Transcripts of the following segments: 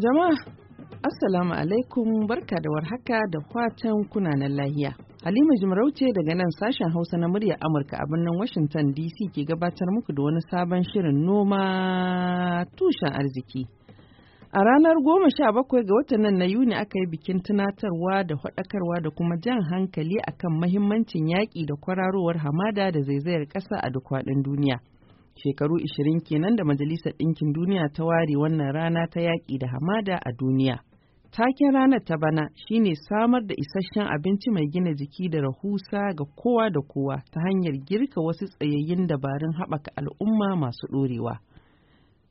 Jama'a, Assalamu alaikum barka da warhaka da fatan kunanan lahiya. Halima Jimarauce daga nan sashen Hausa na murya Amurka a birnin Washington DC ke gabatar muku da wani sabon shirin noma tushen arziki. A ranar goma sha bakwai ga watan nan na Yuni aka yi bikin tunatarwa da faɗakarwa da kuma jan hankali akan mahimmancin yaƙi da kwararowar hamada da zaizayar ƙasa a duk faɗin duniya. shekaru 20 kenan da Majalisar Ɗinkin Duniya ta ware wannan rana ta yaƙi da hamada a duniya. Taken ranar ta bana shine samar da isasshen abinci mai gina jiki da rahusa ga kowa da kowa ta hanyar girka wasu tsayayyin dabarun haɓaka al'umma masu ɗorewa.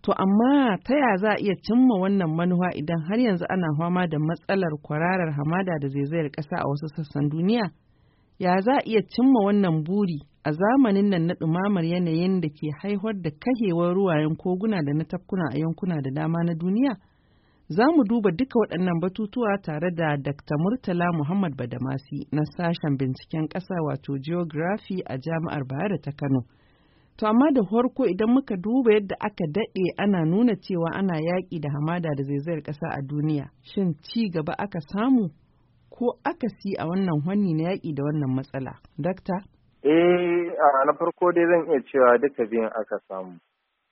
To amma ta ya za a iya cimma wannan manuwa idan har yanzu ana fama da matsalar kwararar hamada da zaizayar ƙasa a wasu sassan duniya? Ya za a iya cimma wannan buri a zamanin nan na ɗumamar yanayin da ke haihuwar da kahewar ruwayen koguna da na tafkuna a yankuna da dama na duniya? Za mu duba duka waɗannan batutuwa tare da Dr. Murtala Muhammad Badamasi na sashen binciken ƙasa wato Geography a Jami'ar Bayero ta Kano. To amma da farko idan muka duba yadda aka daɗe ana nuna cewa ana yaƙi da hamada da zaizayar ƙasa a duniya, shin ci gaba aka samu ko aka si a wannan hanni na yaƙi da wannan matsala? Dakta? Eh, na farko dai zan iya cewa duka biyan aka samu.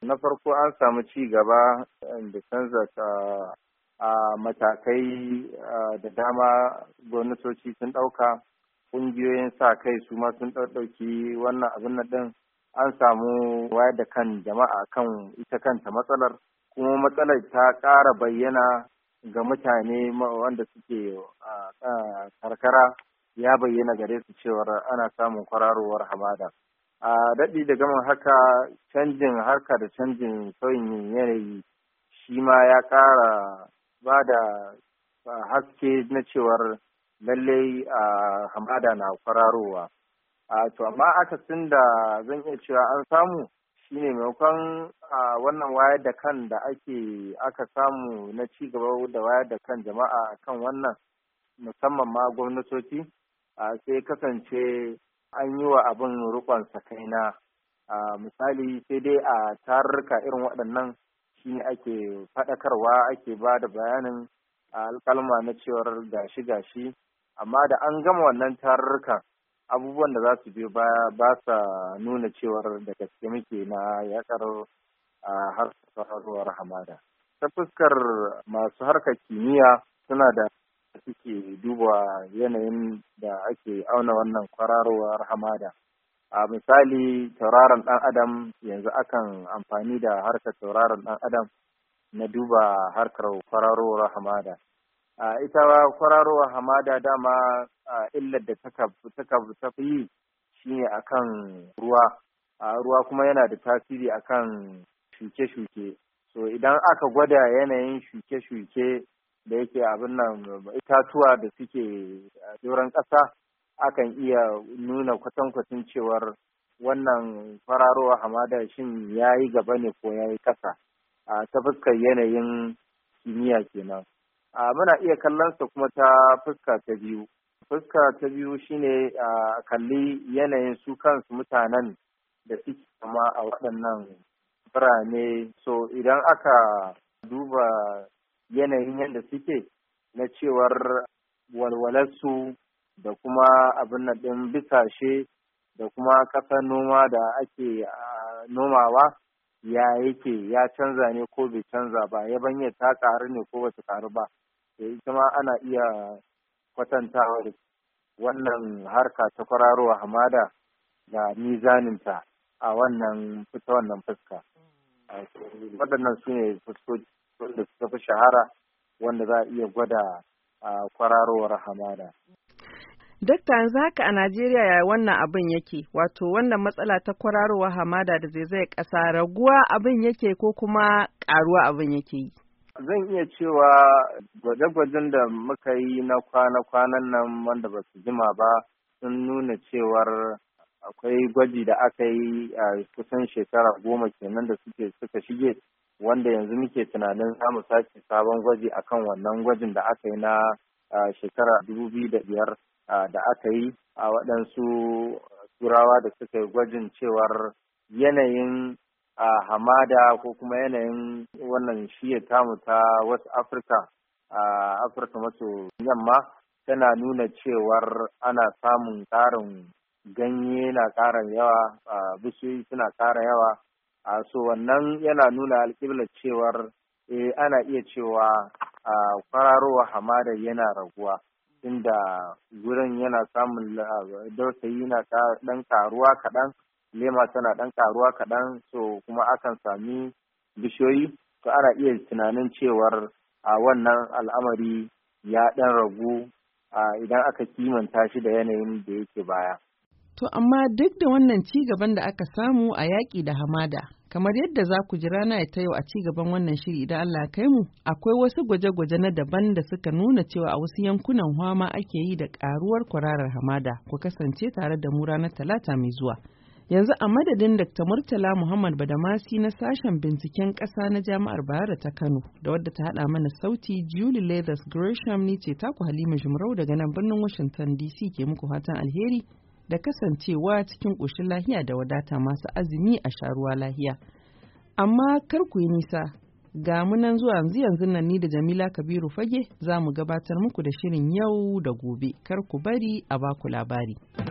Na farko an samu ci gaba eh, da canza eh, a matakai eh, da dama gwamnatoci sun ɗauka, ƙungiyoyin sa kai su ma sun ɗauki wannan abin na ɗin an samu wayar da kan jama'a kan ita kanta matsalar, kuma matsalar ta ƙara bayyana ga mutane wanda suke a karkara ya bayyana gare su cewar ana samun kwararowar hamada a daɗi da gama haka canjin harka da canjin sauyin yanayi shi ma ya ƙara ba da haske na cewar lallai a hamada na kwararowa a to amma akasin da zan iya cewa an samu shi shine maimakon a wannan wayar da kan da ake aka samu na cigaba da wayar da kan jama'a kan wannan musamman ma gwamnatoci sai kasance an yi wa abin rukon sakaina misali sai dai a tarurruka irin waɗannan shi ake faɗakarwa ake ba da bayanin alkalma na cewar gashi gashi amma da an gama wannan tarurrukan abubuwan da za su biyo baya ba sa nuna cewar da gaske muke na yakar harkar hamada ta fuskar masu harkar kimiyya suna da da suke duba yanayin da ake auna wannan kwararowar hamada a misali tauraron ɗan adam yanzu akan amfani da harkar tauraron ɗan adam na duba harkar kwararowar hamada a ita kwararowar hamada dama illar da ta fi yi shi shine akan ruwa a ruwa kuma yana da tasiri akan shuke-shuke so idan aka gwada yanayin shuke-shuke da yake abin nan itatuwa da suke a doron ƙasa akan iya nuna kwatankwacin cewar wannan fararowa hamada shin ya yi gaba ne ko ya yi ƙasa a ta fuskar yanayin kimiyya kenan a muna iya kallon sa kuma ta fuska ta biyu fuska ta biyu shine a kalli yanayin su kansu mutanen da suke kama a waɗannan birane so idan aka duba yanayin yadda suke na cewar walwalarsu da kuma abin nan ɗin bisashe da kuma ƙasar noma da ake nomawa ya yake ya canza ne ko bai canza ba ya yabanya ta ƙaru ne ko bata ƙaru ba ita ma ana iya kwatantawa wannan harka ta kwararowa hamada da mizaninta a wannan fita wannan fuska mm. waɗannan su ne fuskoki shahara wanda za a iya gwada a kwararowar hamada. Dokta yanzu haka a Najeriya ya wannan abin yake, wato wannan matsala ta kwararowar hamada da zai kasa raguwa abin yake ko kuma ƙaruwa abin yake yi. Zan iya cewa gwaje-gwajen da muka yi na kwana-kwanan nan wanda ba su jima ba sun nuna cewar akwai gwaji da aka yi a kusan shekara goma kenan da suke suka shige wanda yanzu muke tunanin za mu sake sabon gwaji akan wannan gwajin da aka yi na shekara dubu biyu da biyar da aka yi a waɗansu turawa da suka yi gwajin cewar yanayin hamada ko kuma yanayin wannan shiya tamu ta wasu afirka afirka maso yamma tana nuna cewar ana samun ƙarin ganye na ƙara yawa bishiyoyi suna ƙara yawa a so wannan yana nuna alƙibla cewar eh ana iya cewa a kwararowa hamada yana raguwa inda gurin yana samun dausayi na ɗan karuwa kaɗan lema tana ɗan karuwa kaɗan so kuma akan sami bishiyoyi to ana iya tunanin cewar a wannan al'amari ya ɗan ragu idan aka kimanta shi da yanayin da yake baya To amma duk da wannan ci gaban da aka samu a yaƙi da hamada, kamar yadda za ku ji rana ta yau a ci gaban wannan shiri idan Allah kai mu, akwai wasu gwaje-gwaje na daban da suka nuna cewa a wasu yankunan hwama ake yi da ƙaruwar kwararar hamada, ku kasance tare da mu ranar talata mai zuwa. yanzu a madadin Dr. Murtala Muhammad Badamasi na sashen binciken ƙasa na Jami'ar Bayero ta Kano da wadda ta haɗa mana sauti Julie Leathers Gresham ni ce taku Halima Jumrau daga nan birnin Washington DC ke muku fatan alheri da kasancewa cikin ƙoshin lahiya da wadata masu azumi a sharuwa lahiya. Amma kar ku yi nisa, ga munan zuwa yanzu nan ni da Jamila Kabiru Fage za mu gabatar muku da shirin yau da gobe, kar ku bari a baku labari.